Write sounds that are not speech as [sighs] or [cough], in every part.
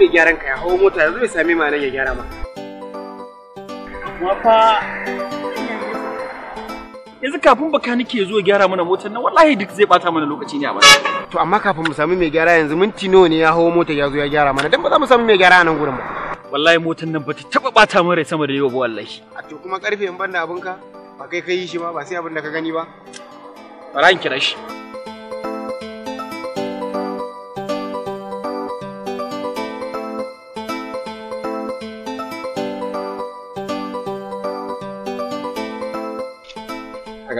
mai gyaran ka ya hawo mota yanzu ya same ma nan ya gyara ma wafa yanzu kafin baka nake zo gyara mana motar nan wallahi duk zai bata mana lokaci ne a baya to amma kafin mu sami mai gyara yanzu minti nawa ne ya hawo mota ya zo ya gyara mana dan ba za mu sami mai gyara a nan gurin ba wallahi motar nan bata taba bata mana rai sama da yau ba wallahi a to kuma karfe in banda abinka ba kai kai shi ma ba sai abin da ka gani ba bara in kira shi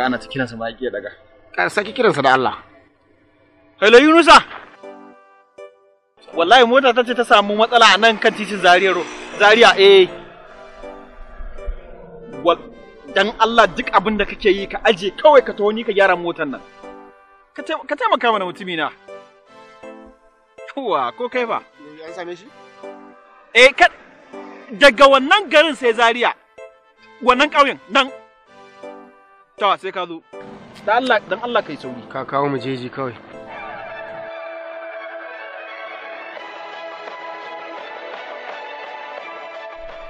daga ana ta kiransa ma yake daga ka saki kiransa da Allah hello Yunusa wallahi mota ta ce ta samu matsala a nan kan titin Zaria zariya eh dan Allah duk abin da kake yi ka aje kawai ka tawo ni ka gyara motar nan ka taimaka mana mutumi na Uwa, ko kai ba? An same shi? Eh, ka daga wannan garin sai zariya wannan ƙauyen nan Tawa sai ka zo. Dan Allah dan Allah kai sauri. Ka kawo mu jeji kawai.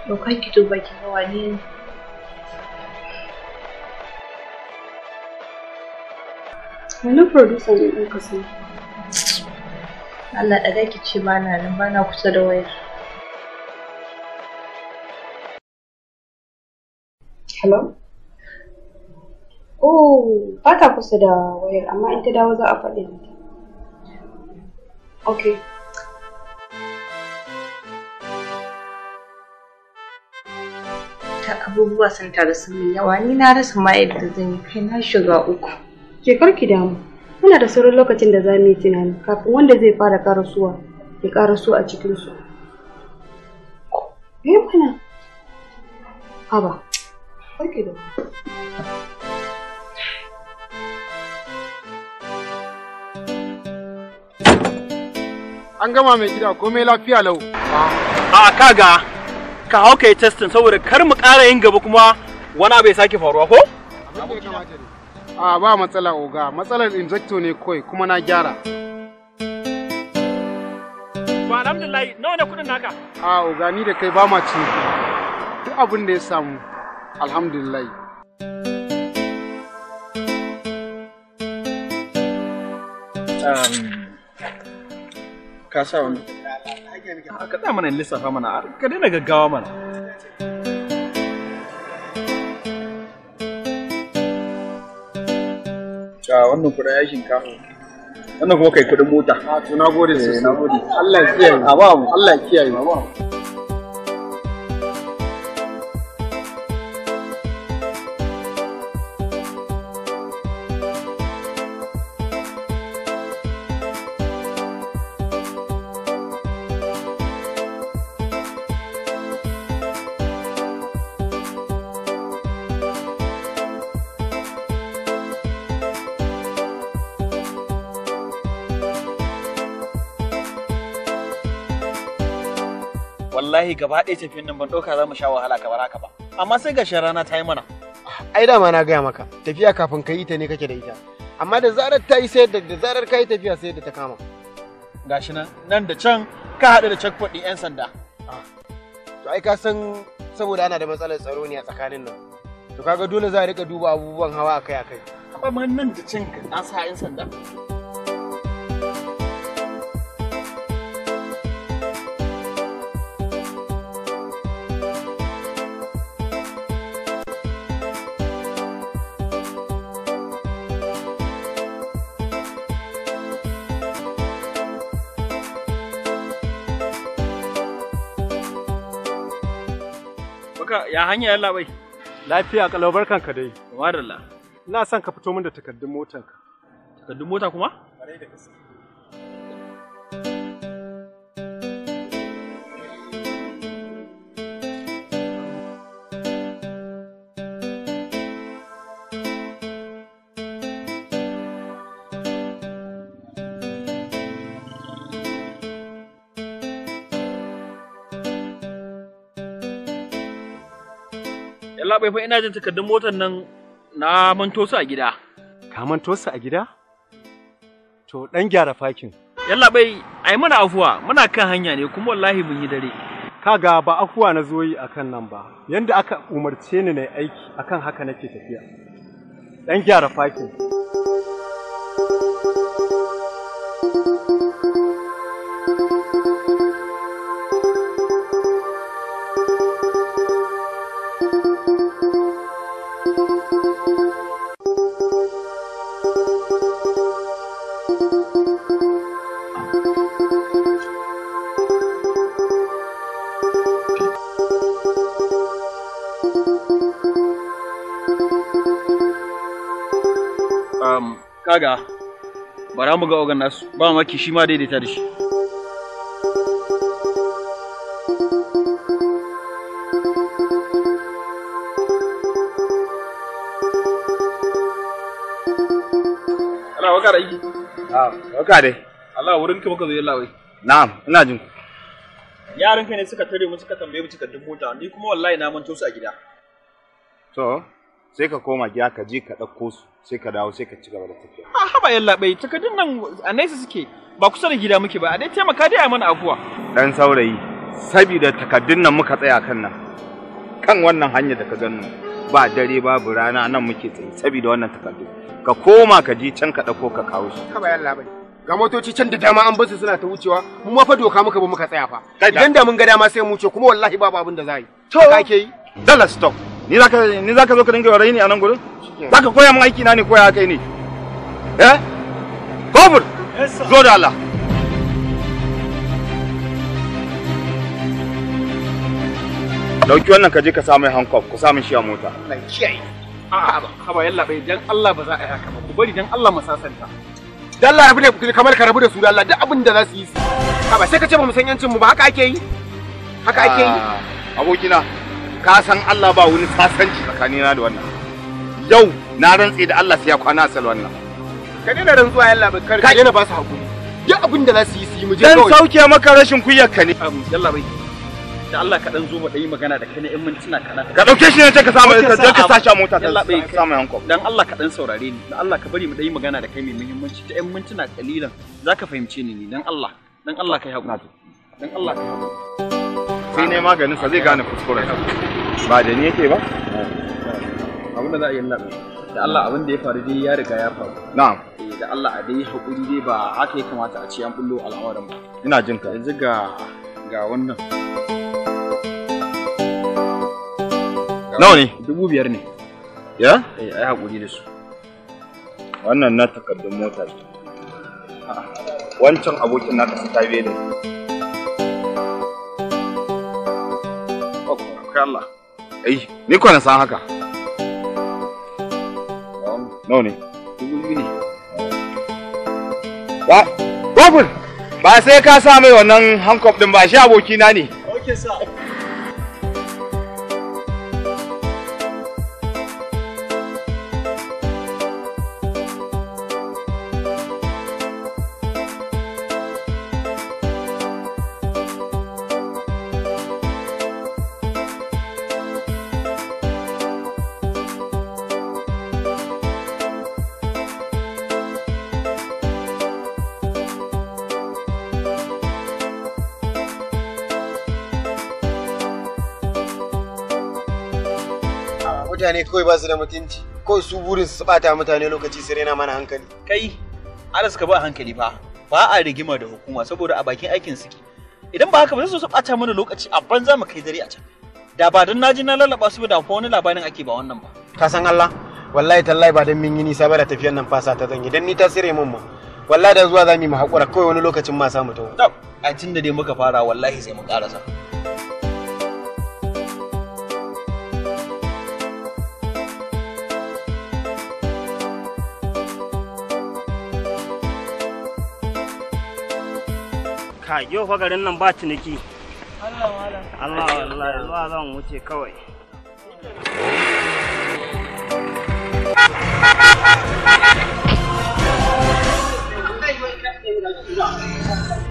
To kai ki to baki hawa ne. Wani producer ne ɗin ka san. Allah ɗaga ki ce ba na nan ba na kusa da wayar. Hello? Oh, ba ta kusa da wayar, amma in ta dawo za a faɗi mata. Okay. ta abubuwa sun taru sun yi yawa ni na rasa ma yadda zan yi kai na shiga uku. Ke karki damu, muna da sauran lokacin da za mu yi tunani kafin wanda zai fara karasuwa ya karasu a cikinsu. su. Eh, mana? Haba, karki damu. An gama mai gida komai lafiya lau. A kaga ka hau ka yi testin saboda kar mu ƙara yin gaba kuma wani abu ya sake faruwa ko? A ba matsala oga, matsalar injecto ne kawai kuma na gyara. Ba alhamdulillah nawa ne kudin naka? A oga ni da kai ba ma ci. Duk abin da ya samu alhamdulillah. Um, ka sa wani ka da mana lissafa mana ka daina gaggawa mana ga wannan kudin aikin ka wannan kuma kai kudin mota ah, to na gode eh, sosai na gode Allah ya kiyaye a ba Allah ya kiyaye a ba wallahi gaba ɗaya tafiyan nan ban ɗauka za mu sha wahala kamar haka ba amma sai ga rana ta yi mana ai dama na gaya maka tafiya kafin ka yi ta ne kake da ita amma da zarar ta yi sai da da zarar ka yi tafiya sai da ta kama gashi nan nan da can ka haɗu da checkpoint ɗin 'yan sanda ah. to ai ka san saboda ana da matsalar tsaro ne a tsakanin nan to kaga dole za a rika duba abubuwan hawa akai akai amma nan da can an sa 'yan sanda Ya hanya yalla bai. Lafiya kalau barkan ka dai. Madalla. Ina son ka fito min da takardun motanka. Takardun mota kuma? Ƙwarai da gaske. labai fa ina jin takardun motar nan na manto su a gida. Ka manto a gida? To dan gyara fakin. Yalla bai ai mana afuwa muna kan hanya ne kuma wallahi mun yi dare. Kaga ba afuwa na zo yi akan nan ba. Yanda aka umarce ni na aiki akan haka nake tafiya. Dan gyara fakin. kaga bara mu ga ogan nasu ba maki shi ma daidaita da shi Ana waka da yi? Ah, waka dai. Allah wurin ka muka zo yalla wai. Na'am, ina jin. Yaran ka ne suka tare mu suka tambaye mu cika dubu mota, ni kuma wallahi na manto su a gida. To, sai ka koma gida ka je ka ɗauko su sai ka dawo sai ka ci gaba da tafiya. A ah, haba yalla bai takardun nan a nesa suke ba kusa da gida muke ba a dai taimaka dai a mana afuwa. Dan saurayi sabida takardun nan muka tsaya kan nan kan wannan hanya da ka gano ba dare babu rana nan muke tsaye sabida wannan takardun ka koma ka je can ka ɗauko ka kawo shi. Haba yalla bai. ga motoci can da dama an basu suna ta wucewa mu ma fa doka muka ba muka tsaya fa idan da mun ga dama sai mu wuce kuma wallahi babu abin da za yi to kake yi dala stop ni zaka ni zaka zo ka dinga ni a nan gurin zaka koya min aiki na ne koya kai ne eh kofur zo da Allah dauki wannan ka je ka samu hankof ku samu shi a mota Allah kiyaye a'a haba yalla bai dan Allah ba za a yi haka ba ku bari dan Allah mu sasanta dalla da ne kamar ka rabu da su da Allah duk abin da za su yi sai ka ce ba mu san yancin mu ba haka ake yi haka ake yi ah, abokina ka san Allah ba wani sasanci tsakanina da wannan yau na rantse da Allah sai ya kwana asal wannan ka dena rantsuwa yalla bai kar ka dena ba su hakuri duk abin da za su yi su yi mu je kawai dan sauke maka rashin kuyar ka ne yalla bai da Allah ka dan zo mu dai magana da kai na in mintuna kana ka dauke shi ne ka samu ka ka sashi a mota ta samu yanko dan Allah ka dan saurare ni dan Allah ka bari mu dai magana da kai mai muhimmanci ta in mintuna kalilan zaka fahimce ni ne dan Allah dan Allah kai hakuri dan Allah kai hakuri sai ne maganin sa zai gane kuskuren ba da ni yake ba abinda da za a yi nan da Allah abin da ya faru dai ya riga ya faru na'am eh, da Allah a dai hakuri dai ba haka ya kamata a ce an bullo al'amarin ba ina jin ka yanzu ga ga wannan nawa ne dubu biyar ne ya eh ai hakuri da su wannan na takardun mota ce wancan abokin naka su tabe da Allah ai eh, ni na san haka nawa ne ba sai ka sa mai wannan hankop ɗin ba shi abokina ne mutane kawai ba su da mutunci kawai su burin su bata mutane lokaci su rena mana hankali kai alas suka ba hankali ba ba a rigima da hukuma saboda a bakin aikin suke idan ba haka ba su bata mana lokaci a banza mu kai dare a can da ba don naji na lalaba su da ko wani labarin ake ba wannan ba ka san Allah wallahi tallahi ba don min yi nisa ba da tafiyar nan fasa ta zan dan ni ta sire mun ma wallahi da zuwa zamu mu hakura kawai wani lokacin ma samu tawo a tun da dai muka fara wallahi sai mu karasa Kai, yau fa garin nan ba ciniki. Allah Allah. Allah wallahi zuwa zan wuce kawai. Thank you.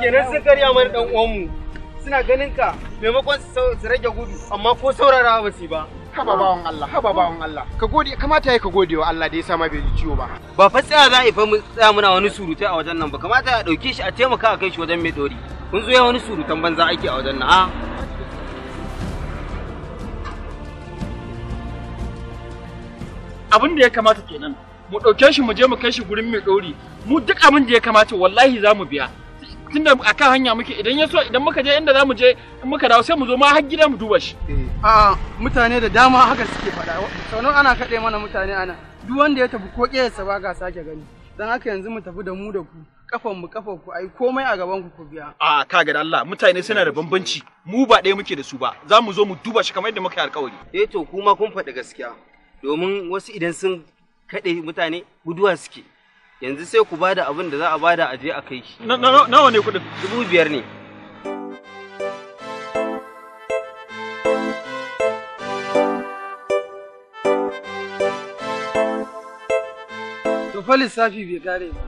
kenan sun karya mana dan uwanmu suna ganin ka maimakon su rage gudu amma ko saurara ba su ba haba bawon Allah haba bawon Allah ka gode kamata yayi ka gode wa Allah da ya sama bai ciwo ba ba fa tsaya za a yi mu tsaya muna wani surutai a wajen nan ba kamata a dauke shi a taimaka a kai shi wajen mai dori kun zo ya wani surutan banza ake a wajen nan a ah. abin da ya kamata kenan mu dauke shi mu je mu kai shi gurin mai dori mu duk abin da ya kamata wallahi za mu biya tunda a kan hanya muke idan ya so idan muka je inda za mu je in muka dawo sai mu zo ma har gida mu duba shi. Eh, a mutane da dama haka suke faɗa sauran ana kaɗe mana mutane ana duk wanda ya tafi ko ƙeyarsa ba ga sake gani don haka yanzu mu tafi da mu da ku kafan mu kafa ku ai komai a gaban ku ku biya. A ka ga Allah mutane suna da bambanci mu ba ɗaya muke da su ba za mu zo mu duba shi kamar yadda muka yi alƙawari. Eh to kuma kun faɗi gaskiya domin wasu idan sun kaɗe mutane guduwa suke. yanzu sai ku bada abin da za a bada a je a kai shi. Nawa ne kuɗin? Dubu biyar ne. fa lissafi bai kare ba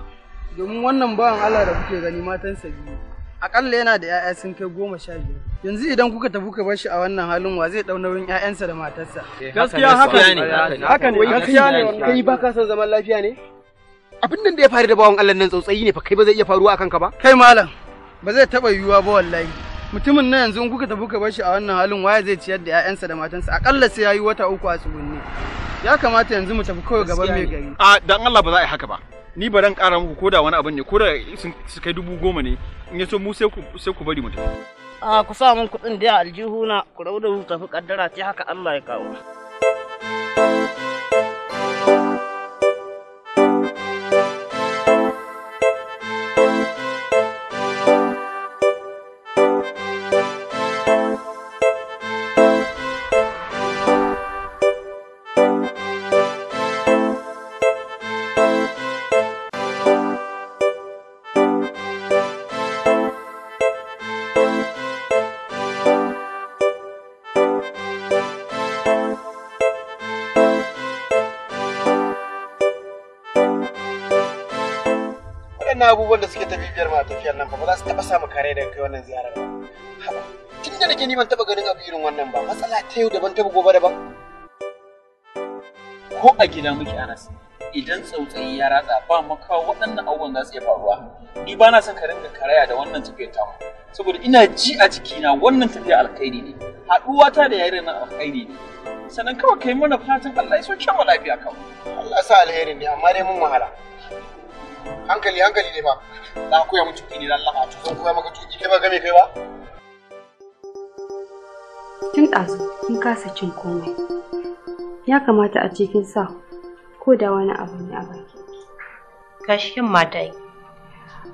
domin wannan bawan Allah da kuke gani matansa biyu akalla yana da 'ya'ya sun kai goma sha biyar yanzu idan kuka tafi ka bashi a wannan halin wa zai ɗau nauyin 'ya'yansa da matarsa eh, gaskiya haka ne haka ne gaskiya ne kai ba ka son zaman lafiya ne abin nan da ya faru da bawan Allah nan tsautsayi ne fa kai ba zai iya faruwa akan ka ba kai malam ba zai taba yiwuwa ba wallahi mutumin na yanzu in kuka tafi ka shi a wannan halin waye zai ciyar da ƴaƴansa da matansa akalla sai yayi wata uku a tsugunne ya kamata yanzu mu tafi kawai gaban mai gari a dan Allah ba za a yi haka ba ni ba ran kara muku koda wani abin ne koda su kai dubu goma ne in ya so mu sai ku sai ku bari mu tafi a ku sa min kuɗin da aljihuna ku rabu da tafi kaddara sai haka Allah ya kawo abubuwan da suke biyar ma tafiyar nan ba ba za su taba samu kare daga kai wannan ziyarar ba tun da nake neman taba ganin abu irin wannan ba matsala ta yau daban taba gobe daban ko a gida muke anas idan tsautsayi ya ratsa ba kawo waɗannan abubuwan za su iya faruwa ni ba na son ka rinka karaya da wannan tafiyar tamu saboda ina ji a jikina wannan tafiya alkhairi ne haɗuwa ta da yare nan alkhairi ne sannan kawai kai mana fatan Allah ya soke mu lafiya kawai Allah sa alheri ne amma dai mun wahala hankali hankali ne ba za a koya mutu ne Allah a cikin koya maka tuki kai ba game kai ba tun ɗazu kin kasa cin komai ya kamata a cikin sa ko da wani abu ne a baki gashin mata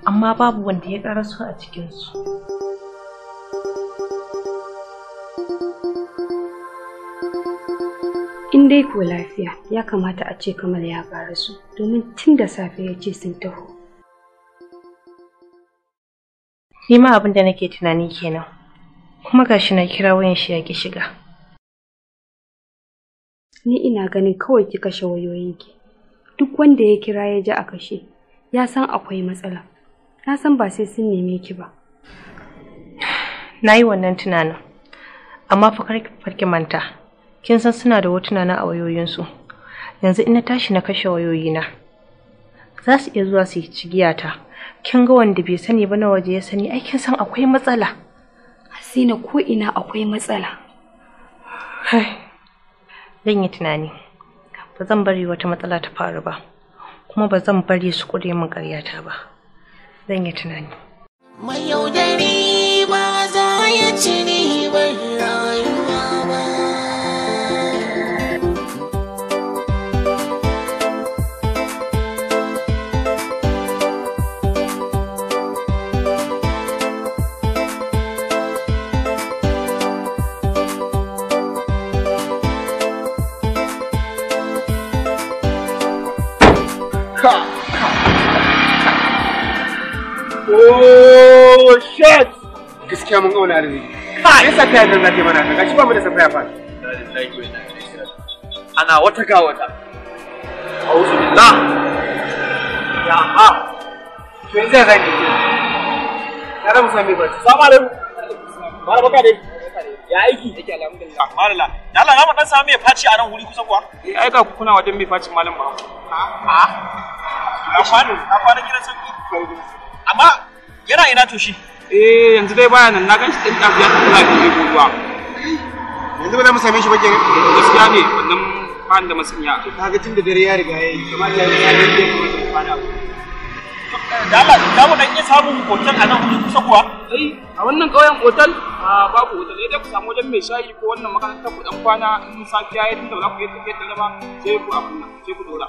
amma babu wanda ya karaso a cikinsu. su in dai ko lafiya ya kamata a ce kamal ya su domin tun da safe ya ce sun taho ni ma abin da nake tunani kenan kuma gashi na kira wayan shi ya ki shiga ni ina ganin kawai ki kashe ki. duk wanda ya kira ya ji a kashe ya san akwai matsala na san ba sai sun neme ki ba [sighs] na yi wannan tunanin amma fa farki manta kin san suna da hotuna na a wayoyinsu yanzu in na tashi na kashe wayoyina za su iya zuwa su yi ta. kin ga wanda bai sani ba na waje ya sani ai kin san akwai matsala hasina ko ina akwai matsala Hai, zan yi tunani ba zan bari wata matsala ta faru ba kuma ba zan bari su kure min karyata ba zan yi tunani mai yaudari ba za ya ci ne Oh shit! Gaskiya mun auna arziki. Kai sa kai da zaki mana kaga shi ba mu da safaya fa. Ana wata ga wata. Auzu billah. Ya ha. To zai zan yi. Kada mu sami barci. Assalamu alaikum. Mara baka dai. Ya aiki. Yake alhamdulillah. Malala. Ya Allah na mu dan samu mai faci a nan wuri kusa kuwa. Eh aika ku kuna wajen mai facin malam ba. Ha? Ha? Na fara na fara gidan sanki. amma yana ina to shi eh yanzu dai baya nan na gan shi tsinta ya tafi na biyu ko yanzu ba za mu same shi ba ke gaskiya ne wannan ba da masinya. to kaga tun da dare ya riga yayi kamata ya sa ne ke kwana da Dama, za mu dan iya samun hotel a nan kuma kusa kuwa eh a wannan ƙauyen hotel a babu hotel dai ku samu wajen mai shayi ko wannan makarantar ku dan kwana in safiya ya tunda ba za ku iya tafiya da rama sai ku abun sai ku dora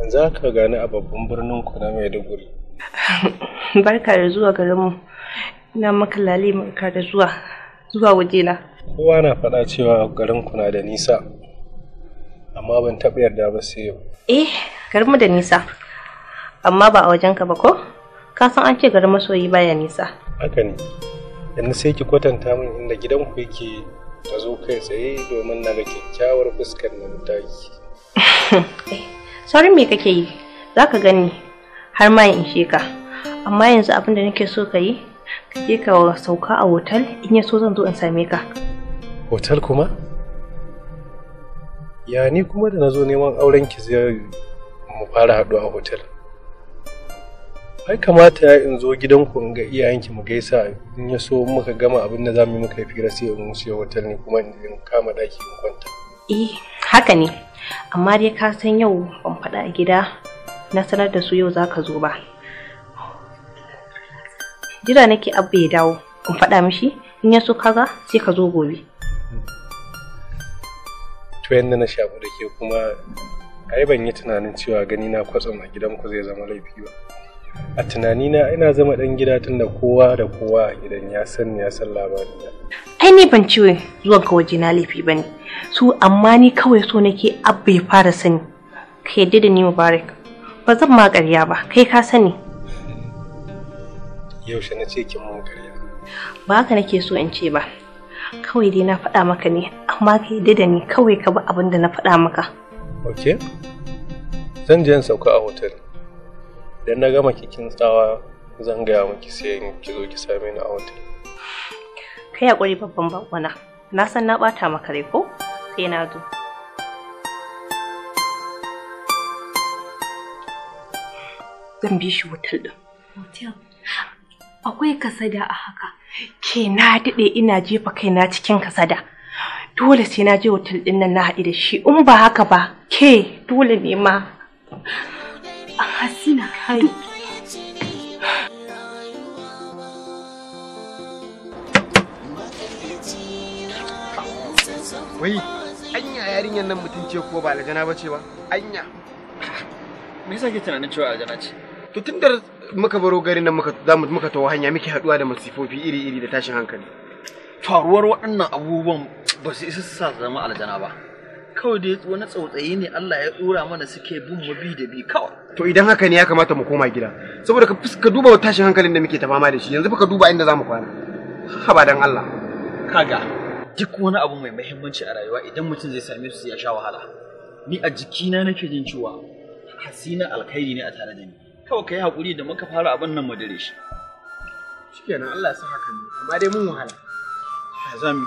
yanzu haka gani a babban birnin ku na maiduguri [laughs] barka da zuwa garinmu ina maka lalima barka da zuwa zuwa wajena kowa na faɗa cewa garin ku na da nisa amma ban taɓa yarda ba sai yau eh garinmu da nisa amma ba a wajenka ba ko ka san an ce garin masoyi baya nisa haka ne yanzu sai ki kwatanta min inda gidanku yake ta zo kai tsaye domin na ga kyakkyawar fuskar nan taki [laughs] [laughs] eh, saurin me kake yi za ka gani har ma in ishe ka amma yanzu abin da nake so ka yi ka je ka sauka a hotel in ya zan zo in same ka hotel kuma ya ni kuma da na zo neman auren ki zai mu fara hadu a hotel ai kamata ya in zo gidanku in ga iyayenki mu gaisa in ya so muka gama abin da za mu yi muka fira sai in wuce hotel ne kuma in kama daki in kwanta eh haka ne amma dai ka san yau ban faɗa a gida na sanar da su yau za ka zo ba jira nake abba ya dawo ban faɗa mishi in ya so kaga sai ka zo gobe to yanda na shafu da ke kuma ai ban yi tunanin cewa gani na kwatsam a gidanku zai zama laifi ba a tunanina ina zama ɗan gida tun da kowa da kowa idan ya san ya san labari ai ni ban ciwe zuwan ka waje na laifi bane su amma ni kawai so nake abba ya fara sani ka yadda da ni mubarak ba zan ma ƙarya ba kai ka sani yaushe na ce kin mun ƙarya ba haka nake so in ce ba kawai dai na faɗa maka ne amma ka yadda da ni kawai ka bi abin da na faɗa maka ok zan je in sauka a hotel idan na gama kikin tsawa zan gaya miki sai ki zo ki same ni a hotel kai hakuri babban bakwana na san na bata maka rai ko sai na zo zan bi shi hotel din hotel akwai kasada a haka ke na daɗe ina jefa kaina cikin kasada dole sai na je hotel ɗin nan na haɗu da shi in ba haka ba ke dole ne ma Hasina kai. Wai, anya yarinyar nan mutum ce ko ba aljana ba ce ba? Anya. Me yasa ke tunanin cewa aljana ce? To tun da muka baro garin nan muka zamu muka tawo hanya muke haduwa da masifofi iri-iri da tashin hankali. Faruwar waɗannan abubuwan ba su isa su sa zama aljana ba. kawai dai wani tsautsayi ne Allah ya dora mana suke bin mu bi da bi kawai to idan haka ne ya kamata mu koma gida saboda ka ka duba tashin hankalin da muke ta fama da shi yanzu ka duba inda zamu kwana haba dan Allah kaga duk wani abu mai muhimmanci a rayuwa idan mutum zai same su ya sha wahala ni a jikina nake jin cewa hasina alkhairi ne a tare da ni kawai kai hakuri da muka fara abin nan mu dare shi shikenan Allah ya sa haka ne amma dai mun wahala hazami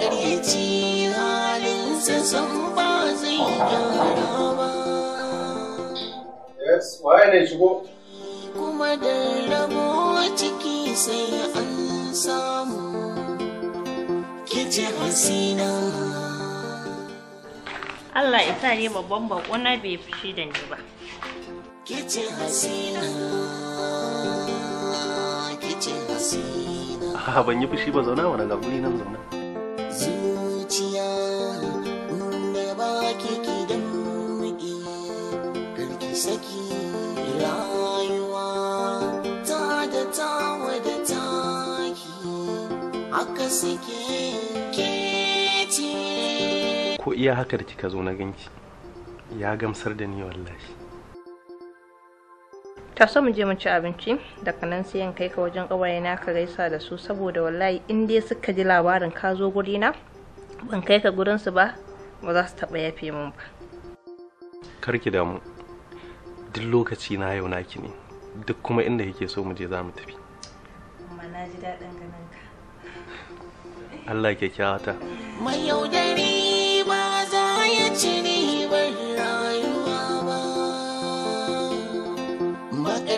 makaryaci halinsa san ba zai gyara ba. Yes, waye ne shigo? Kuma da rabo ciki sai an samu kici hasina. Allah ya sa ne babban bakona bai fushi da ni ba. Kici hasina. Kici hasina. ban yi fushi ba zauna wa daga guri nan zauna. zuciya da ba ki gidan muƙi karki saki rayuwa ta da ta wada taki aka sake keci ko iya haka da kika zo na ganki ya gamsar da ni wallahi ta so mu je mu ci abinci daga nan sai in kai ka wajen ƙawaye na ka gaisa da su saboda wallahi in dai suka ji labarin ka zo guri na ban kai ka gurin su ba ba za su taɓa yafe mun ba kar ki damu duk lokaci na yau naki ne duk kuma inda kike so mu je za mu tafi amma na ji daɗin ganin ka Allah ke kyawata mai yaudari ba za ya ci ni rayu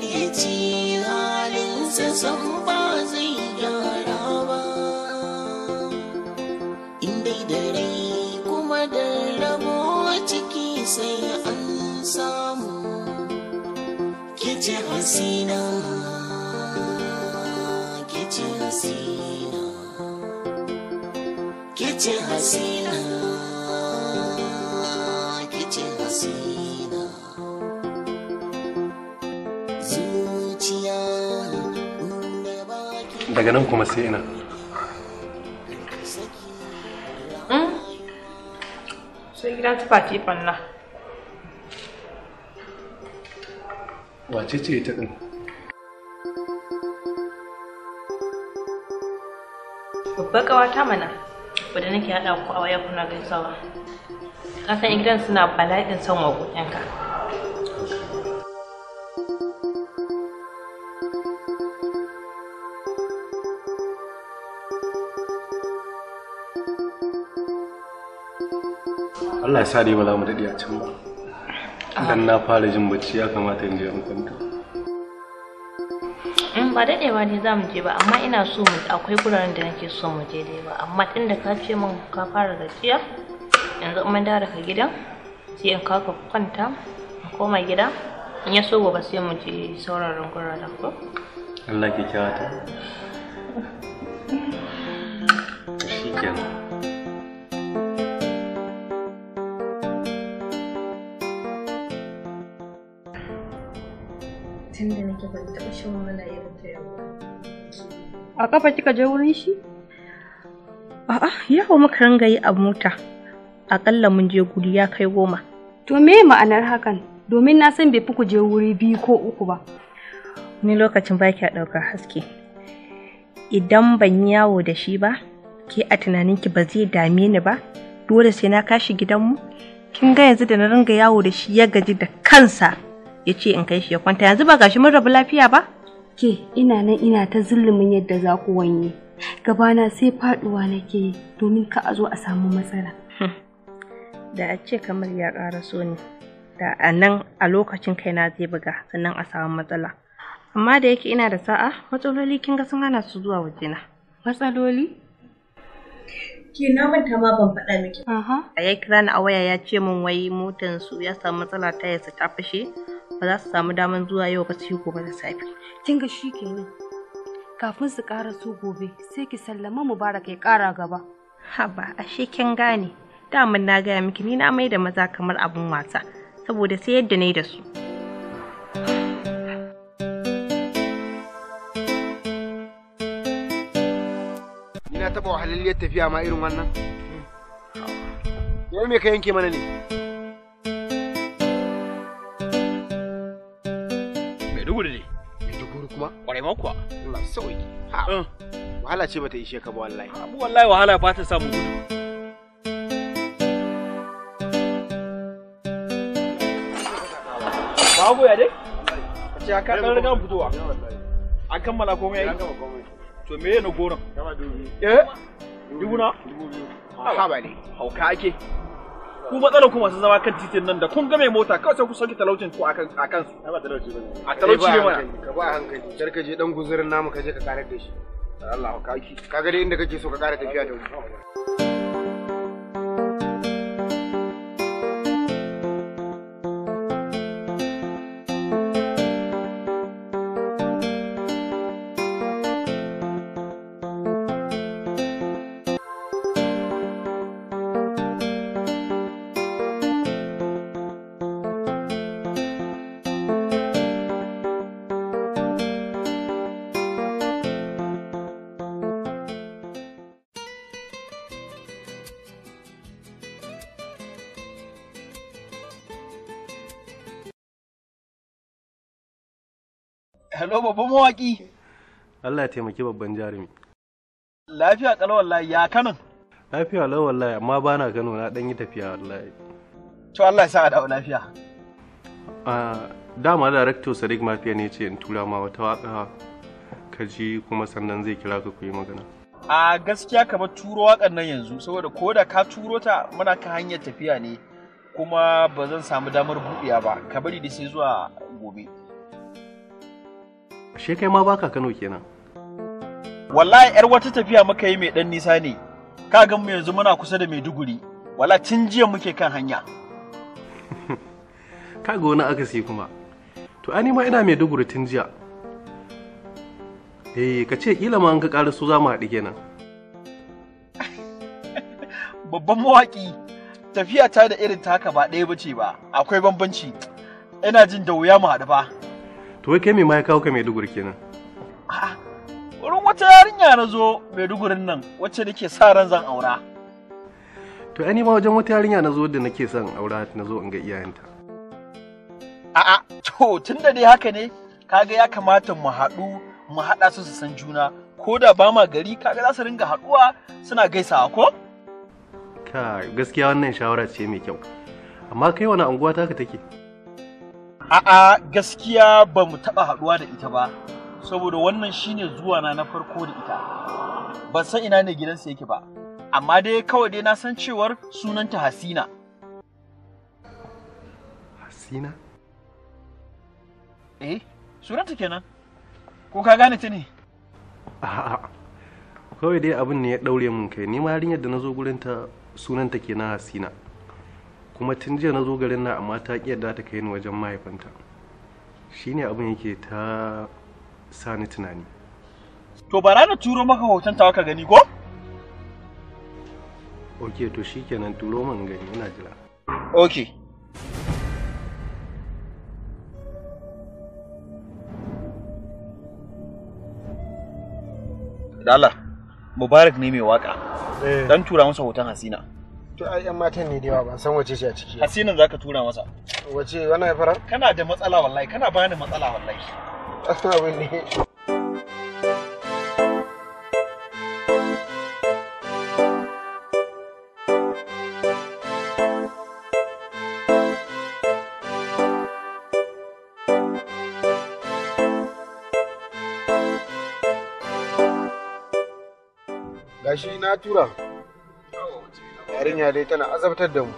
ce halinsa san ba zai gyara ba dai dare kuma da rabo ciki sai an samu kici hasina kici hasina kici hasina daga nan kuma sai ina hmm? sai gidan tufafi fanna wace ce ita din babbar ƙawata mana wadda nake haɗa ku a waya kuna gaisawa san gidan suna bala'in son waƙoƙinka ya sa dai ba za mu daɗe a can ba dan na fara jin bacci ya kamata in je in kwanta in ba daɗewa ne za mu je ba amma ina so mu akwai guraren da nake so mu je dai ba amma tun da ka ce min ka fara gajiya yanzu in mun dawo daga gidan sai in ka ka kwanta in koma gida in ya so gobe sai mu je sauraron guraren ko Allah ke kyawata shi kenan tun da nake ban taɓa shan wahala irin ta yau a ƙafa kika je wurin shi a'a yawo muka ranga yi a mota akalla mun je guri ya kai goma to me ma'anar hakan domin na san bai fi ku je wuri biyu ko uku ba ni lokacin ba kya ɗaukar haske idan ban yawo da shi ba ke a tunaninki ba zai dame ni ba dole sai na kashi gidanmu kin ga yanzu da na ringa yawo da shi ya gaji da kansa ya ce in kai shi ya kwanta yanzu ba gashi mun rabu lafiya ba ke ina nan ina ta zulumin yadda za ku wanye gabana sai faduwa nake domin ka a zo a samu matsala hmm. da a ce kamar ya ƙara so ne da a nan a lokacin kaina zai buga sannan a samu matsala amma da yake ina da sa'a matsaloli kin ga sun hana su zuwa wajena matsaloli ki na manta ma ban faɗa miki. A ya kira ni a waya ya ce min wai motan su ya samu matsala ta yasa ta fashe ba za su samu daman zuwa yau ba ciyo gobe da safe kin ga shi kenan kafin su ƙara su gobe sai ki sallama mubarak ya ƙara gaba haba ashe kin gane daman na gaya miki ni na mai da maza kamar abun wasa saboda sai yadda na yi da su Ina taɓa wahalalliyar tafiya ma irin wannan? Yau me ka yanke mana ne? ma kuwa Allah sauki ha eh. wahala ce bata ishe ka ba wallahi abu ah, wallahi wahala ba ta samu gudu Ba go ya dai? a ce aka kan riga fitowa. An kammala komai ai To me ne goron? Eh? Dubu na? Ha ba ne. Hauka ake. ku matsalar ku masu zama kan titin nan da kun ga mai mota kawai sai ku sauke talaucin ku akan akan su ba talauci ba a talauci ne mana ka ba hankali kar ka je dan guzurin namu ka je ka karar da shi Allah ka ki ka dai inda kake so ka karar tafiya da wuri ɗau babban mawaƙi. Allah ya taimaki babban jarumi. Lafiya ƙalau wallahi ya kanan. Lafiya lau wallahi amma ba na Kano na ɗan yi tafiya wallahi. To Allah ya sa a dawo lafiya. Dama Darakto Sadiq Mafiya ne ce in tura ma wata waƙa ka ji kuma sannan zai kira ka ku yi magana. A gaskiya ka turo wakan nan yanzu saboda ko da ka turo ta muna ka hanyar tafiya ne kuma ba zan samu damar buɗewa ba ka bari da sai zuwa gobe. Ashe kai ma baka Kano kenan. Wallahi yar wata tafiya muka yi mai ɗan nisa ne. Ka ga mu yanzu muna kusa da Maiduguri. Wala tun jiya muke kan hanya. [laughs] Ka ga wani akasi kuma. To ani ma ina Maiduguri tun jiya. Eh ka ce kila ma an ka ƙara su za mu kenan. [laughs] Babban mawaƙi tafiya ta da irin taka ba ɗaya bace ba akwai bambanci ina jin da wuya mu haɗu ba. to wai kai me ma ya kawo ka Maiduguri kenan wurin wata yarinya na zo Maidugurin nan wacce nake sa ran zan aura to ai ma wajen wata yarinya na zo da nake son aura na zo in ga iyayenta a'a to tunda dai haka ne kaga ya kamata mu haɗu mu haɗa su su san juna ko da ba ma gari kaga za su ringa haɗuwa suna gaisawa ko ka gaskiya wannan shawara ce mai kyau amma kai wani anguwa taka take A'a gaskiya ba mu taɓa haɗuwa da ita ba, saboda wannan shine zuwa na na farko da ita. Ban san ina ne gidansa yake ba, amma dai kawai dai na san cewar sunanta Hasina. Hasina? Eh, sunanta kenan. Ko ka gane ta ne? A'a. Kawai dai abin ne ya ɗaure mun kai, ni ma yarinyar da na zo gurinta sunanta kenan Hasina. kuma tun jiya na zo garin na amma ta ƙi da ta kai ni wajen mahaifanta, shine abin yake ta sa ni tunani to bara na turo maka hoton ta ka gani ko ok to shikenan turo man gani ina jira ok Dala, Mubarak ne mai waka. Eh. Dan tura masa hoton Hasina. to ai yan matan ne da yawa ban san wace ce a ciki hasinin zaka tura masa wace wannan ya fara kana da matsala wallahi kana bani matsala wallahi [laughs] abin ne gashi na tura yarinya dai tana azabtar da mu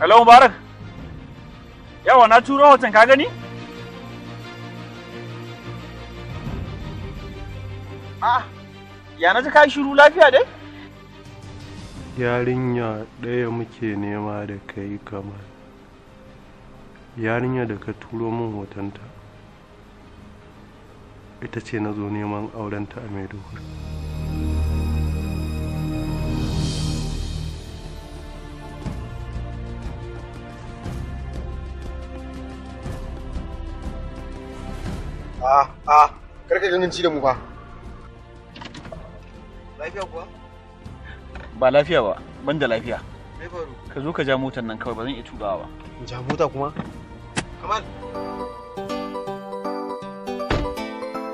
Hello Mubarak. Yawa na turo hoton ka gani? A'a, ya na ji ka shiru lafiya dai? Yarinya ɗaya muke nema da kai kamar. Yarinya da ka turo min hotonta. Ita ce na zo neman aurenta a Maiduguri. A'a, karka ganin ci da mu fa. Lafiya kuwa? Ba lafiya ba, ban da lafiya. Me faru? Ka zo ka ja motar nan kawai ba zan iya tudawa ba. Ja mota kuma? Kamal.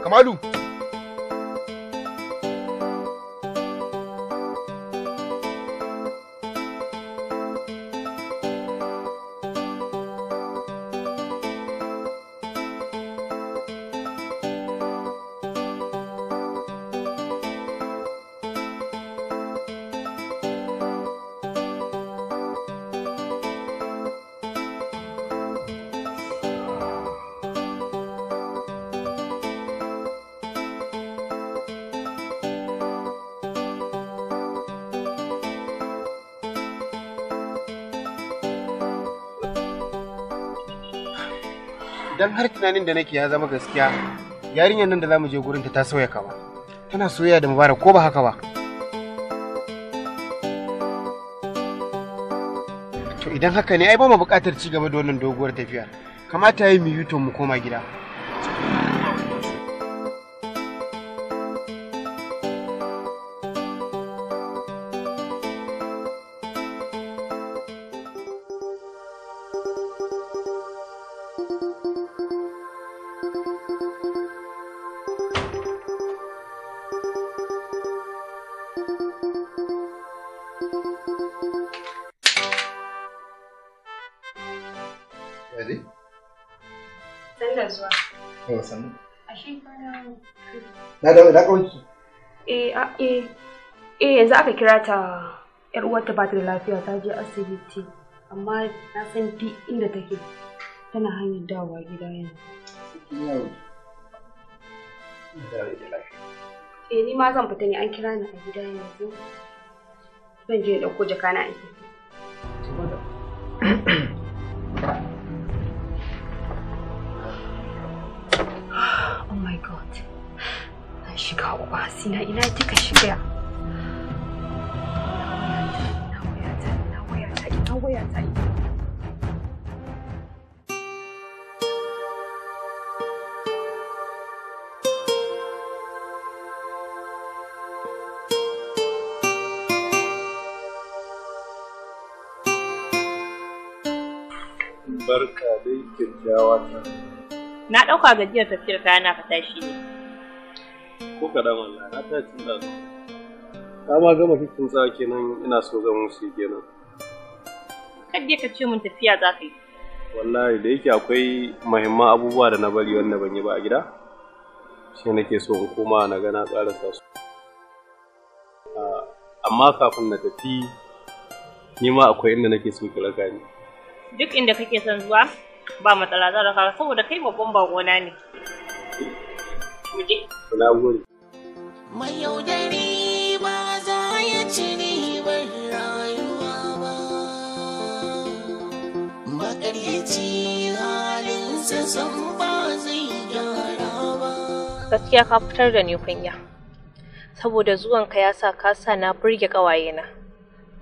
Kamalu. idan har tunanin da nake ya zama gaskiya yarinyar nan da zamu je gurin ta ta sauya kama tana soyayya da mubarak ko ba haka ba to idan haka ne ai ba mu buƙatar ci gaba da wannan doguwar tafiyar kamata yi mu yuto mu koma gida yanzu aka kira ta yar uwarta ba ta da lafiya ta je asibiti amma na san duk inda take tana hanyar dawowa gida yanzu. Eh ni ma zan fita ne an kira ni a gida yanzu. Zan je ɗauko jaka na aiki. [sighs] Oh my god. Na shiga uba, sina ina kika shiga. har waya ta yi barka dai kyakkyawa ta. Na ɗauka gajiyar tafiyar ka yana ka shi ne. Ko kaɗan wallah, na tashi da zuwa. Ta ma gama kikin tsawa kenan ina so zan wuce kenan. kadai ka ce mun tafiya za ka yi wallahi da yake akwai mahimman abubuwa da na bari wanda ban yi ba a gida shi nake so in koma na gana tsarin karasa su amma kafin na tafi ni ma akwai inda nake so ki raka ni duk inda kake son zuwa ba matsala zan raka saboda kai babban bakona ne mu je na gode mai yaudari ba za ya ci gaskiya ka fitar da ni kunya saboda zuwanka ya sa ka sa na burge ƙawaye na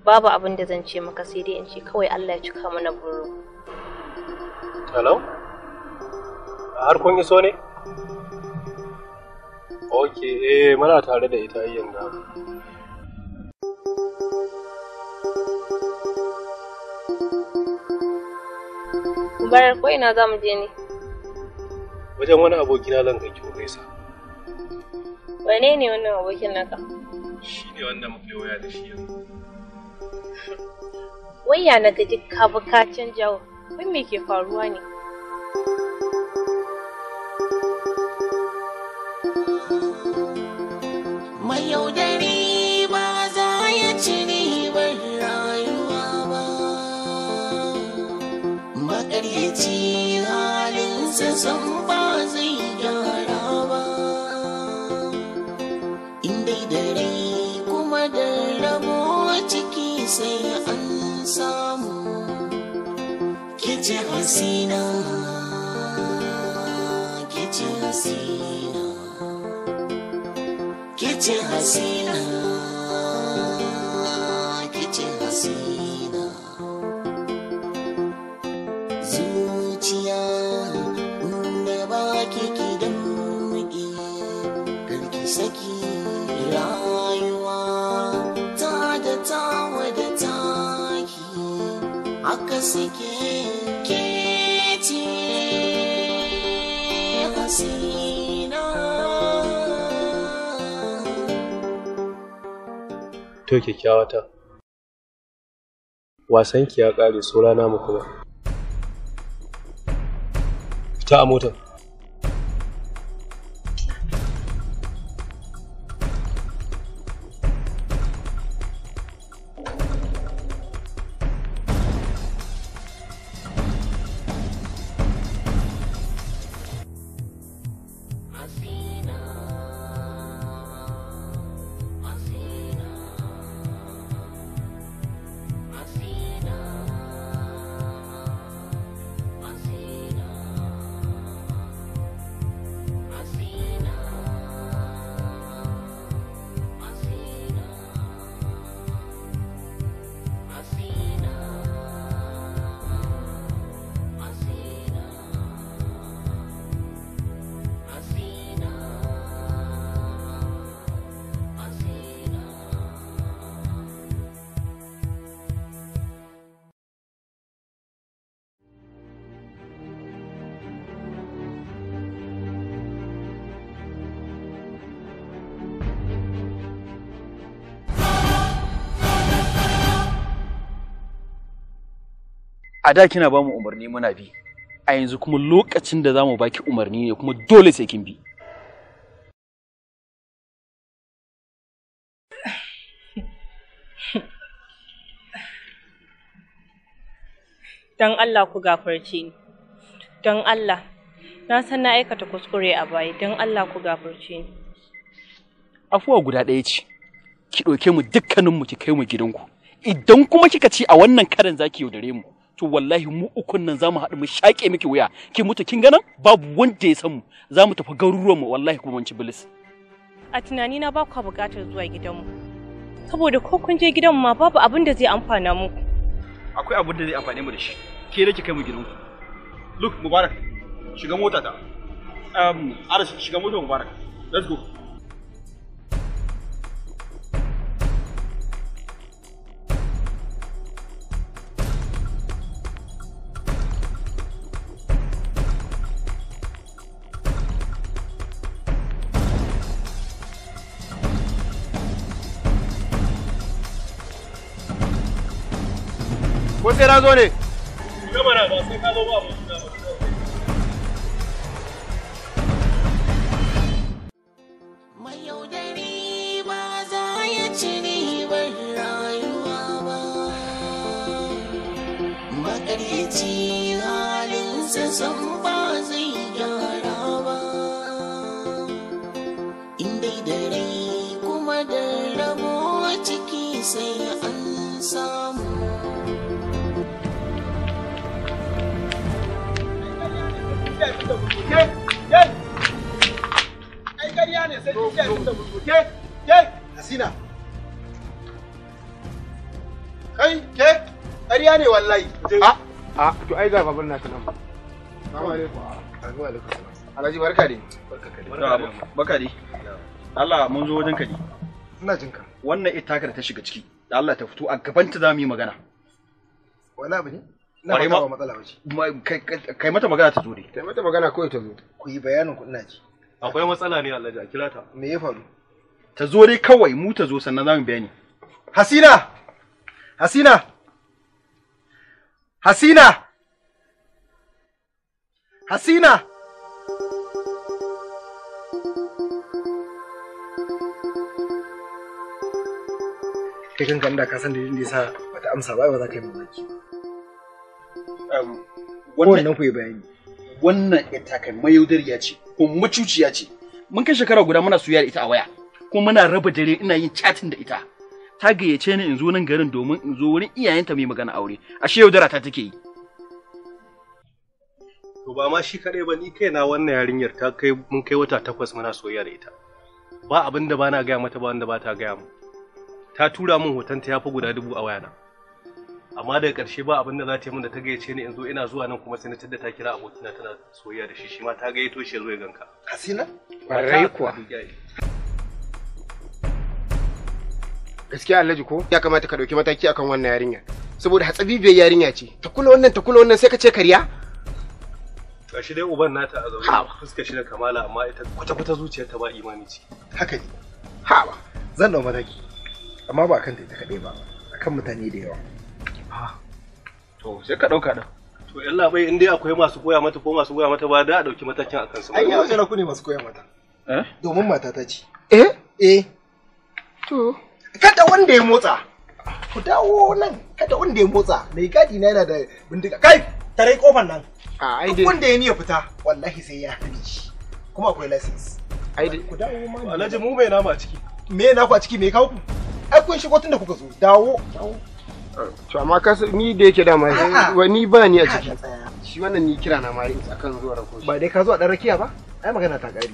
babu abin da zan ce maka sai dai in ce kawai Allah ya cika mana buru hello har kun iso ne ok eh muna tare da ita da. Mubarak ko ina za mu je ne? wajen wani abokina zan kai ki gaisa wane ne wannan abokin naka shi ne wanda muka waya da shi yanzu waya na gaji ka bi jawo wai me ke faruwa ne ce hasina ke ce hasina ke ce hasina ke ce hasina zuciya inda ba ke ki damki karki saki ta da ta wadata aka sake hasina to wasan wasanki ya ƙare so rana mu kuma ta a motar a da kina ba mu umarni muna bi a yanzu kuma lokacin da zamu baki umarni ne kuma dole sai kin bi don Allah ku gafarce ni don Allah na san na aikata kuskure a baya don Allah ku gafarce ni afuwa guda ɗaya ce ki ɗauke mu dukkaninmu ki kai mu gidanku idan kuma kika ci a wannan karin zaki yaudare mu to wallahi mu ukun nan zamu haɗu mu shaƙe miki wuya ki mutu kin ganan babu wanda ya san mu zamu tafi garuruwan mu wallahi kuma mun ci bilis a tunani na ba ku buƙatar zuwa gidanmu saboda ko kun je gidan ma babu abin da zai amfana mu akwai abin da zai amfane mu da shi ke da ki kai mu gidanku look mubarak shiga mota ta um arash shiga mota mubarak let's go na ba ne kamara ba sai ka ba Makaryaci halinsa san ba zai gyara ba, inda dare kuma da rabo ciki sai da butuke ke hasina kai ke ƙarya ne wallahi a a to ai ga baban naka nan assalamu alaikum alaikum alhaji barka dai barka dai Allah mun zo wajen ka ne ina jin ka wannan ita ta shiga ciki Allah ta fito a gaban ta za mu yi magana wala Kwarai ma matsala ba Kai mata magana ta zo Kai mata magana kawai ta zo. Ku yi bayanin ku ina ji. Akwai matsala ne Allah a kira ta. Me ya faru? Ta zo dai kawai mu ta zo sannan zamu bayani. Hasina! Hasina! Hasina! Hasina! Kai kanka ka san da yasa bata amsa ba ba za ka yi mamaki Um, wannan ku bayani wannan ita kan mayaudariya ce kuma macuciya ce mun kai shekara guda muna da ita a waya kuma muna raba dare ina yin catin da ita ta gayyace ni in zo nan garin domin in zo wurin iyayenta mai magana aure ashe yaudara ta take yi to ba ma shi kadai ba ni kaina wannan yarinyar ta kai mun kai wata takwas muna soyayya da ita ba abin da bana gaya mata ba wanda ba ta gaya mu ta tura min hotonta ya fi guda dubu a wayana amma daga ƙarshe ba abin da za ta yi min da ta gayyace ni in zo ina zuwa nan kuma sai na tadda ta kira abokina tana soyayya da shi shi ma ta gayyato shi ya zo ya ganka hasina barai kuwa gaskiya alhaji ko ya kamata ka dauki mataki akan wannan yarinya saboda hatsabibiyar yarinya ce ta kula wannan ta kula wannan sai ka ce kariya gashi dai uban nata a zaune fuskar shi da kamala amma ita kwata-kwata zuciyar ta ba imani ce haka ne ha ba zan dau mataki amma ba kan ta ita kaɗai ba akan mutane da yawa To sai ka ɗauka ɗan. To yalla bai in dai akwai masu koya mata ko masu koya mata ba da a ɗauki matakin a kansu. Ai yawa jana ku ne masu koya mata. Eh? Domin mata ta ce. Eh? Eh. To. Kada wanda ya motsa. Ku dawo nan kada wanda ya motsa mai gadi na yana da bindiga. Kai tare kofar nan. A ai dai. Wanda ya niya fita wallahi sai ya hana Kuma akwai license. Ai dai. Ku dawo ma. Alhaji mu bai nama a ciki. Me na ku a ciki me kawo ku? Ai kun shigo tun da kuka zo. Dawo. Dawo. to amma ka ni da yake da mai wani ba ni a ciki shi wannan ni kira na mai akan zuwa rako ba dai ka zo a dan rakiya ba ai magana ta kare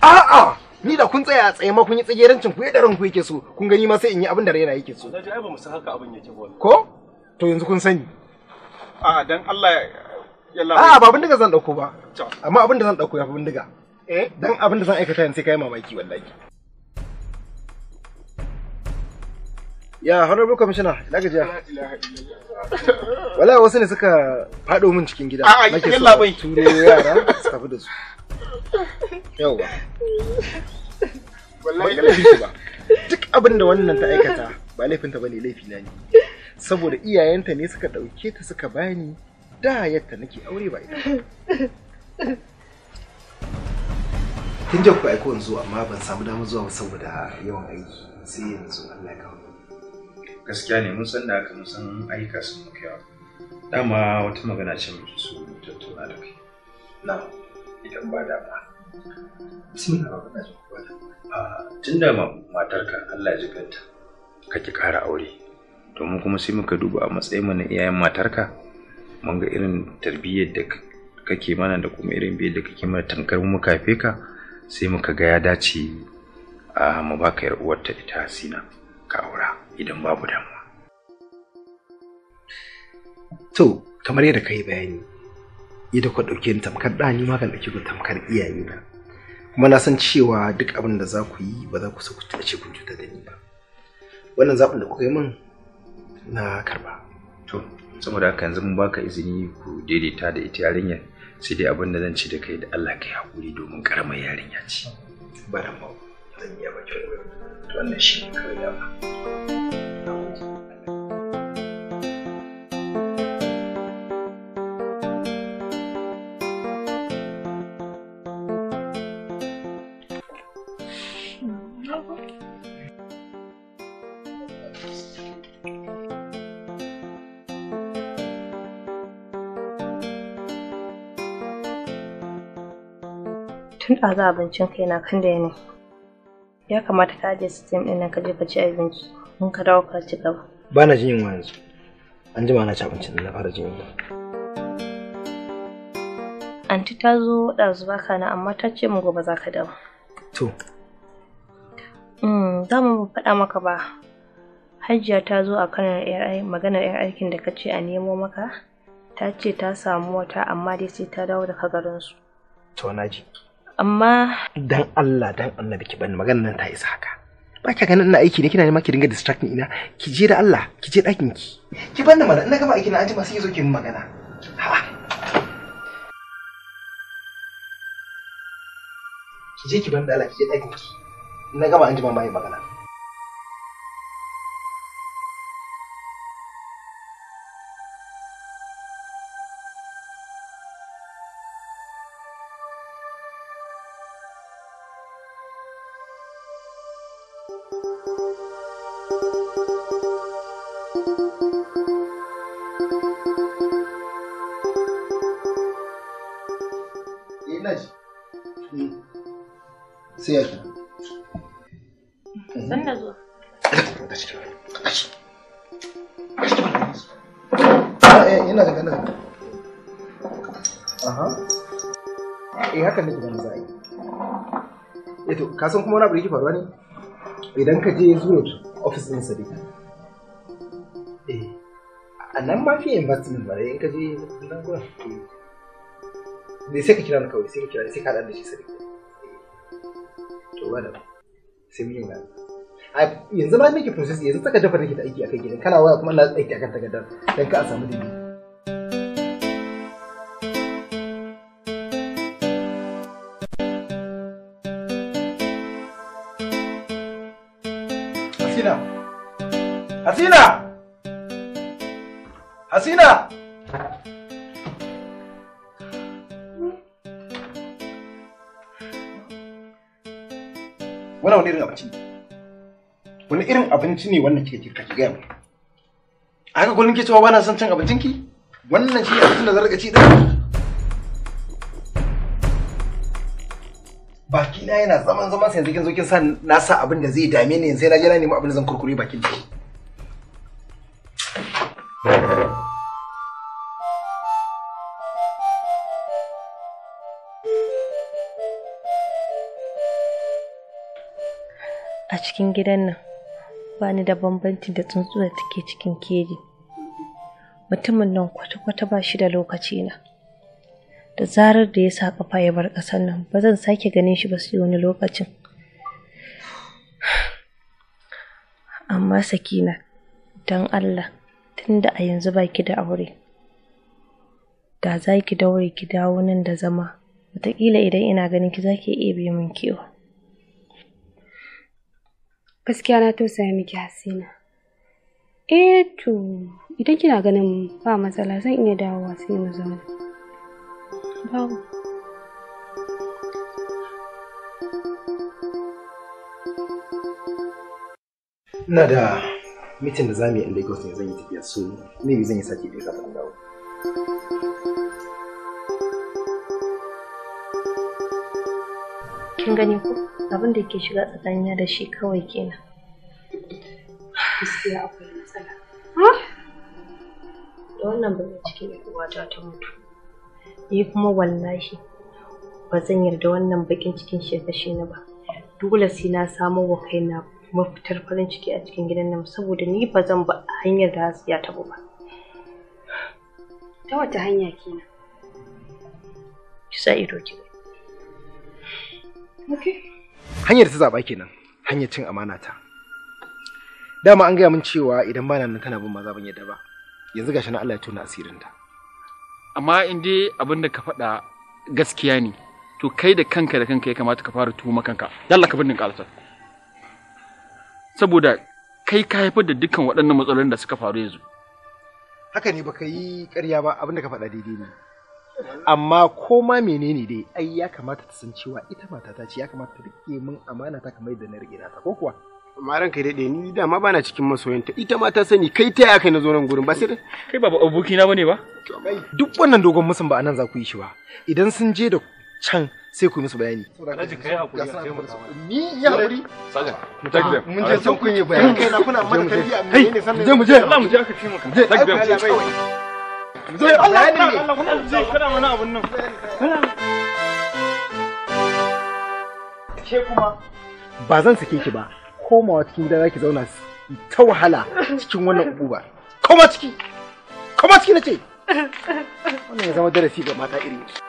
a'a ni da kun tsaya a tsaye ma kun yi tsigerancin ku da ranku yake so kun gani ma sai in yi abin da raina yake so ai ba mu san haka abin yake ba ko to yanzu kun sani a dan Allah Allah a ba bindiga zan dauko ba amma abin da zan dauko ya bindiga eh dan abin da zan aikata yanzu sai kai mamaki wallahi ya honorable commissioner ina gajiya wallahi wasu ne suka faɗo min cikin gida nake labai ture yara su tafi da su yawwa wallahi ba duk abin da wannan ta aikata ba laifinta bane laifi na ne saboda iyayenta ne suka ɗauke ta suka bani da yadda nake aure ba ita tun jan ku aiko yanzu amma ban samu damar zuwa saboda yawan aiki sai yanzu Allah ya kawo gaskiya ne mun san da haka mun san ayyuka sun maka yawa dama wata magana ce muke so tattauna da kai na idan ba dama bismillah ba da tun da matarka Allah ya ka kake ƙara aure to kuma sai muka duba a matsayin mu na iyayen matarka mun ga irin tarbiyyar da kake mana da kuma irin biyar da kake mana tankar mu kafe ka sai muka ga ya dace a mu baka yar uwarta ita sina ka aura idan babu damuwa to kamar yadda kai bayani ita ku ɗauke ni tamkar ni ma kan ɗauke ku tamkar iyaye na kuma na san cewa duk abin da za ku yi ba za ku so ku tace kun cuta da ni ba wannan zaɓin da kuka yi min na karba to saboda haka yanzu mun baka izini ku daidaita da ita yarinyar sai dai abin da zan ci da kai da Allah kai hakuri domin karamar yarinya ce da ba zan iya wannan shi ne kawai dama tun ɗazu abincin ka yana kan da ya kamata ka ajiye system ɗin nan ka je ka ci abinci in ka dawo ka ci gaba ba na jin yunwa yanzu an jima na ci abincin na fara jin yunwa anti ta zo ɗazu baka na amma ta ce mu gobe za ka dawo to hmm, za mu faɗa maka ba hajiya ta zo a kanar maganar 'yar aikin da ka ce a nemo maka ta ce ta samu wata amma dai sai ta dawo daga garinsu. To na ji. amma dan Allah dan annabi ki bani magana nan ta isa haka ba ki ganin ina aiki ne kina nema ki distract ni ina ki je da Allah ki je ɗakin ki ki bani mana ina gama aiki na anjima sai yazo ki min magana ha ki je ki bani da Allah ki je ɗakin ki ina gama anjima ma yi magana san kuma wani abu da yake faruwa ne idan ka je zuwa ofis din sadi eh anan ba ma fi investment ba in ka je nan gura eh, ne sai ka kira ni kawai sai ka kira sai ka dan da shi sadi to wala sai mun yi a yanzu ma nake process yanzu saka dafa nake da aiki akan gidan kana waya kuma na aiki akan tagadar dan ka a samu dalili Hasina! Wannan wani irin abinci ne? Wani irin abinci ne wannan kike girka ki gaya A haka kullum ke cewa ba na son cin ki Wannan shi abincin da zan rika ci Baki Bakina yana zaman zaman sai yanzu kin zo kin sa na sa abin da zai dame ni yanzu sai na je na nemi abin da zan kurkure bakin ki. cikin gidan nan ba ni da bambanci da tsuntsu da take cikin keji mutumin nan kwata-kwata ba shi da lokaci na da zarar da ya sa kafa ya bar ƙasar nan ba zan sake ganin shi ba sai wani lokacin amma sakina don allah tunda a yanzu ba ki da aure da za ki daure ki dawo nan da zama wataƙila idan ina ganin ki za ki iya biya min kewa Gaskiya na tausaya miki Hasina. Eh to, idan kina ganin ba matsala zan iya dawowa sai mu zauna. Babu. Ina da mitin da zamu yi inda Lagos zan yi tafiya so ne zan yi sati da kafin dawo. Kin gani ko? abin da ke shiga tsakanina da shi kawai kenan gaskiya akwai matsala da wannan baƙin cikin uwata ta mutu ni kuma wallahi ba zan yarda wannan bakin cikin shi ya kashe ni ba dole sai na samo wa kaina mafitar farin ciki a cikin gidan nan saboda ni ba zan ba hanyar da su ya taɓa ba ta wata hanya kenan ki sa ido ki Okay. hanyar ta zaba kenan hanyar cin amana ta dama an gaya min cewa idan bana nan tana bin maza ban yadda ba yanzu gashi na Allah ya tona ta amma in dai abin da ka faɗa gaskiya ne to kai da kanka da kanka ya kamata ka fara tuhuma kanka yalla ka bindin kalata saboda kai ka haifar da dukkan waɗannan matsalolin da suka faru yanzu haka ne baka yi ƙarya ba abin da ka faɗa daidai ne amma ko ma menene dai ai ya kamata ta san cewa ita mata ta ce ya kamata ta rike min amana ta kamar da na rike ta ko kuwa maran kai dai ni da ma bana cikin masoyinta ita ma ta sani kai ta ya kai na zo nan gurin ba sai kai ba abuki na bane ba duk wannan dogon musun ba anan za ku yi shi ba idan sun je da can sai ku yi musu bayani alhaji kai hakuri sai mu ni ya hakuri sajan mu take mun je san ku yi bayani kai na kuna mana tarbiyya menene sannan je mu je Allah mu je aka fi maka take da Eh, zai Allah Allah kuma kada wani abun nan ke kuma ba zan sake ki ba komawa cikin gidan zaki zauna ta wahala cikin wannan ububa koma ciki koma ciki nace wannan ya zama darasi ga mata iri